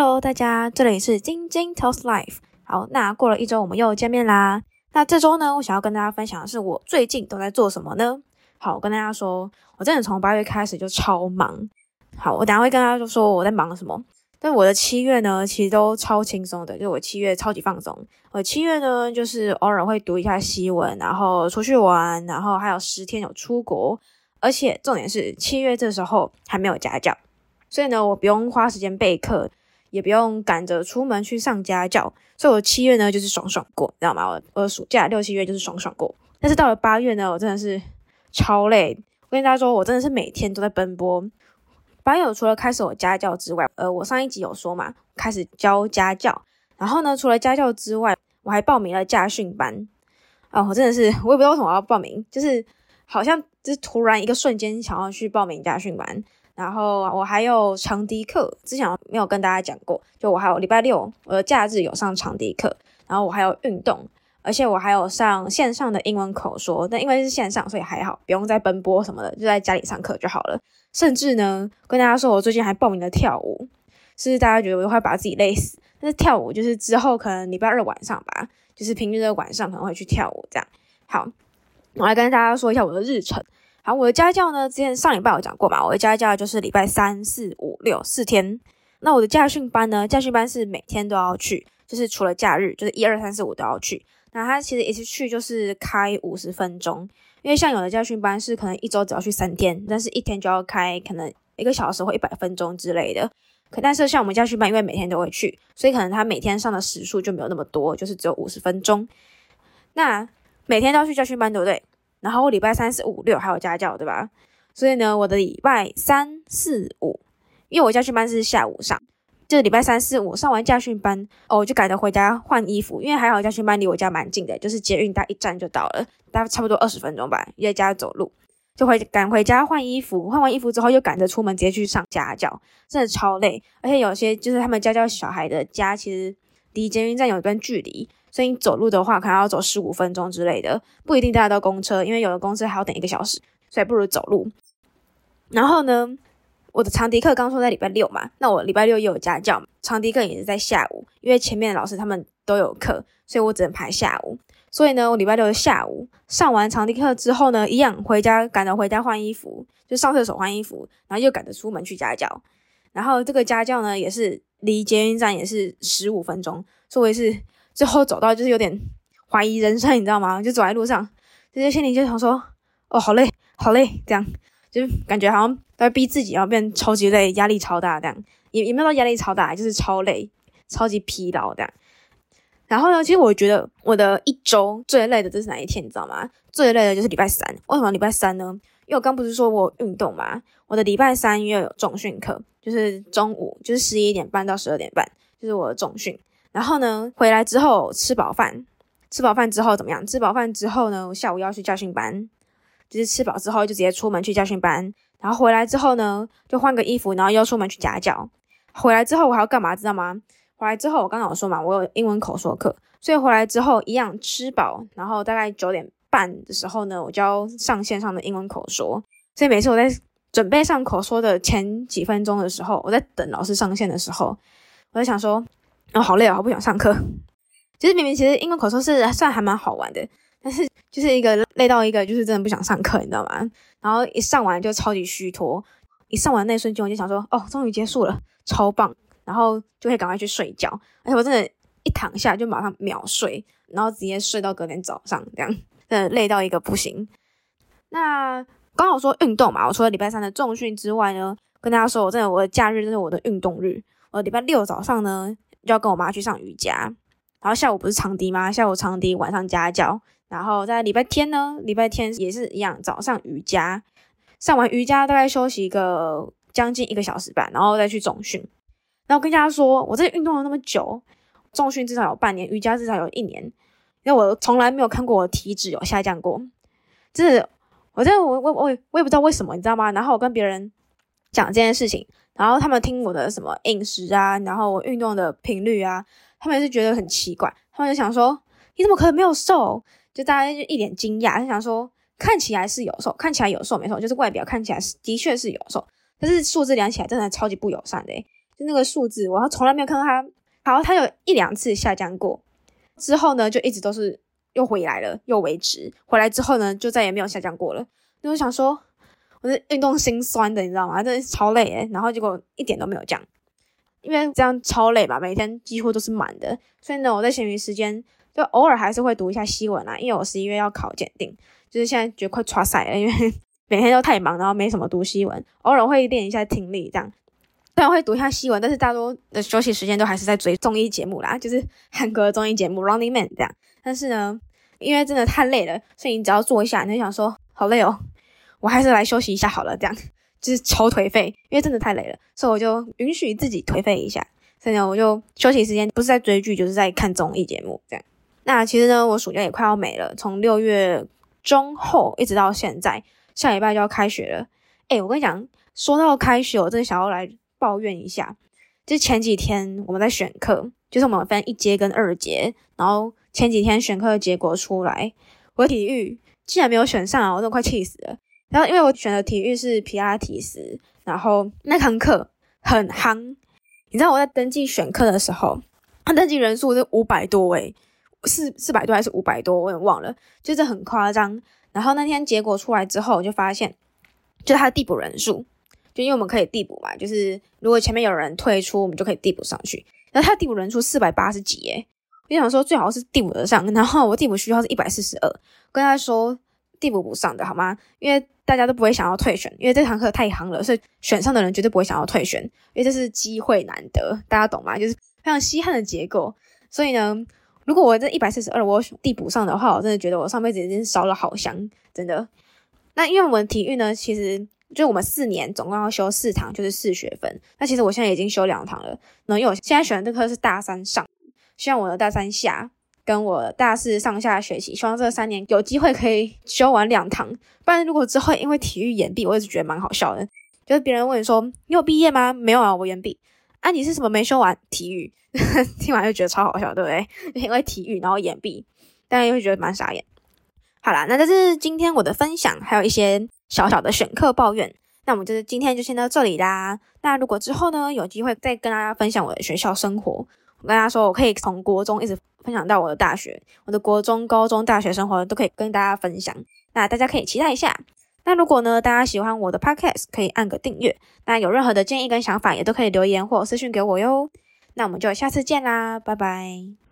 Hello，大家，這裡是晶晶 Talks Life。好，那過了一周，我們又見面啦。那這周呢，我想要跟大家分享的是我最近都在做什麼呢？好，我跟大家說，我真的從八月開始就超忙。好，我等一下會跟大家說我在忙什麼。但我的七月呢，其實都超輕鬆的，就我七月超級放鬆。我七月呢，就是偶爾會讀一下西文，然後出去玩，然後還有十天有出國。而且重點是七月這時候還沒有家教，所以呢，我不用花時間備課。也不用趕着出門去上家教，所以我七月呢，就是爽爽過，你知道嗎？我我暑假六七月就是爽爽過，但是到了八月呢，我真的是超累。我跟大家說，我真的是每天都在奔波。八月我除了開始我家教之外，呃，我上一集有說嘛，開始教家教，然後呢，除了家教之外，我還報名了駕訓班。啊、哦，我真的是，我也不知道為什麼我要報名，就是好像就是突然一個瞬間想要去報名駕訓班。然後我還有長笛課，之前沒有跟大家講過，就我還有禮拜六我的假日有上長笛課，然後我還有運動，而且我還有上線上的英文口說，但因為是線上，所以還好，不用再奔波什麼的，就在家裡上課就好了。甚至呢，跟大家說我最近還報名了跳舞，甚至大家覺得我會把自己累死，但是跳舞就是之後可能禮拜二晚上吧，就是平日的晚上可能會去跳舞這樣。好，我來跟大家說一下我的日程。啊，我的家教呢，之前上禮拜有講過嘛，我的家教就是禮拜三四五六四天。那我的駕訓班呢，駕訓班是每天都要去，就是除了假日，就是一二三四五都要去。那他其實一次去就是開五十分鐘，因為像有的駕訓班是可能一周只要去三天，但是一天就要開可能一個小時或一百分鐘之類的。可但是像我們駕訓班，因為每天都會去，所以可能他每天上的時數就沒有那麼多，就是只有五十分鐘。那每天都要去駕訓班，對不對？然後我禮拜三、四、五、六還有家教，對吧？所以呢，我的禮拜三、四、五，因為我駕訓班是下午上，就禮拜三、四、五上完駕訓班，哦，我就趕着回家換衣服，因為還好駕訓班離我家蠻近的，就是捷運搭一站就到了，大概差不多二十分鐘吧，因為家走路就回趕回家換衣服，換完衣服之後又趕着出門直接去上家教，真的超累。而且有些就是他們家教小孩的家，其實離捷運站有一段距離。所以你走路的話，可能要走十五分鐘之類的，不一定大家都公車，因為有的公車還要等一個小時，所以不如走路。然後呢，我的長笛課剛剛說在禮拜六嘛，那我禮拜六又有家教，長笛課也是在下午，因為前面老師他們都有課，所以我只能排下午。所以呢，我禮拜六的下午上完長笛課之後呢，一樣回家，趕着回家換衣服，就上廁所換衣服，然後又趕着出門去家教。然後這個家教呢，也是離捷運站也是十五分鐘，所以是。最後走到就是有點懷疑人生，你知道嗎？就走在路上，就是心裡就想說：“哦，好累，好累。”這樣就感覺好像在逼自己要變超級累，壓力超大。這樣也也沒有到壓力超大，就是超累、超級疲勞這樣。然後呢，其實我覺得我的一周最累的就是哪一天，你知道嗎？最累的就是禮拜三。為什麼禮拜三呢？因為我剛不是說我運動嘛，我的禮拜三又有重訓課，就是中午就是十一點半到十二點半，就是我的重訓。然後呢，回來之後吃飽飯，吃飽飯之後怎麼樣？吃飽飯之後呢，我下午要去教訓班，就是吃飽之後就直接出門去教訓班。然後回來之後呢，就換個衣服，然後又出門去家教。回來之後我還要幹嘛？知道嗎？回來之後我剛剛有說嘛，我有英文口說課，所以回來之後一樣吃飽，然後大概九點半的時候呢，我就要上線上的英文口說。所以每次我在準備上口說的前幾分鐘的時候，我在等老師上線的時候，我在想說。然後好累啊，哦，好不想上課。其實明明其實英文口說是算還蠻好玩的，但是就是一個累到一個就是真的不想上課，你知道嗎？然後一上完就超級虛脫，一上完那一瞬間我就想說，哦，終於結束了，超棒，然後就可以趕快去睡覺。而且我真的，一躺下就馬上秒睡，然後直接睡到隔天早上這樣，真的累到一個不行。那剛好說運動嘛，我除了禮拜三的重訓之外呢，跟大家說我真的我的假日就是我的運動日。我禮拜六早上呢。就要跟我媽去上瑜伽，然後下午不是長笛嗎？下午長笛，晚上家教，然後在禮拜天呢，禮拜天也是一樣，早上瑜伽，上完瑜伽大概休息一個將近一個小時半，然後再去重訓。然後我跟大家說，我這運動了那麼久，重訓至少有半年，瑜伽至少有一年，因為我從來沒有看過我的體脂有下降過，就是我在我我我我也不知道為什麼，你知道嗎？然後我跟別人。講這件事情，然後他們聽我的什麼飲食啊，然後我運動的頻率啊，他們是覺得很奇怪，他們就想說，你怎麼可能沒有瘦？就大家就一臉驚訝，就想說，看起來是有瘦，看起來有瘦沒瘦，就是外表看起來是的確是有瘦，但是數字量起來真的超級不友善的，欸，就那個數字，我從來沒有看到他好，他有一兩次下降過，之後呢就一直都是又回來了，又維持，回來之後呢就再也沒有下降過了，那我想說，我是運動心酸的，你知道嗎？真的超累哎。然後結果一點都沒有降，因為這樣超累嘛，每天幾乎都是滿的。所以呢，我在閒餘時間就偶爾還是會讀一下西文啦、啊，因為我十一月要考檢定，就是現在覺得快剉賽了，因為每天都太忙，然後沒什麼讀西文，偶爾會練一下聽力這樣。雖然會讀一下西文，但是大多的休息時間都還是在追綜藝節目啦，就是韓國綜藝節目《Running Man》這樣。但是呢，因為真的太累了，所以你只要坐一下，你就想說好累哦。我還是來休息一下好了，這樣就是超頹廢，因為真的太累了，所以我就允許自己頹廢一下。所以呢，我就休息時間不是在追劇，就是在看綜藝節目這樣。那其實呢，我暑假也快要沒了，從六月中後一直到現在，下禮拜就要開學了。哎，我跟你講，說到開學，我真的想要來抱怨一下。就是前幾天我們在選課，就是我們分一階跟二階，然後前幾天選課的結果出來，我體育竟然沒有選上啊！我都快氣死了。然後，因為我選的體育是皮拉提斯，然後那堂課很，很夯。你知道我在登記選課的時候，他登記人數是五百多哎，四四百多還是五百多，我也忘了，就是很誇張。然後那天結果出來之後，我就發現，就他的遞補人數，就因為我們可以遞補嘛，就是如果前面有人退出，我們就可以遞補上去。然後他的遞補人數四百八十幾耶，我想說最好是遞補得上。然後我遞補需要是一百四十二，跟他說遞補不上的好嗎？因為。大家都不會想要退選，因為這堂課太夯了，所以選上的人絕對不會想要退選，因為這是機會難得，大家懂嗎？就是非常稀罕的結構。所以呢，如果我這一百四十二我遞補上的話，我真的覺得我上輩子已經燒了好香，真的。那因為我們體育呢，其實就我們四年總共要修四堂，就是四學分。那其實我現在已經修兩堂了，然後因為我現在選的這科是大三上，希望我的大三下，跟我大四上下學期，希望這三年有機會可以修完兩堂。不然如果之後因為體育延畢，我也是覺得蠻好笑的。就是別人問你說：“你有畢業嗎？”“沒有啊，我延畢。”“啊，你是什麼沒修完體育？” 聽完就覺得超好笑，對不對？因為體育然後延畢，大家又會覺得蠻傻眼。好啦，那這是今天我的分享，還有一些小小的選課抱怨。那我們就是今天就先到這裡啦。那如果之後呢，有機會再跟大家分享我的學校生活。我跟大家說，我可以從國中一直分享到我的大學，我的國中、高中、大學生活都可以跟大家分享。那大家可以期待一下。那如果呢，大家喜歡我的 Podcast，可以按個訂閱。那有任何的建議跟想法，也都可以留言或私訊給我喲。那我們就下次見啦，拜拜。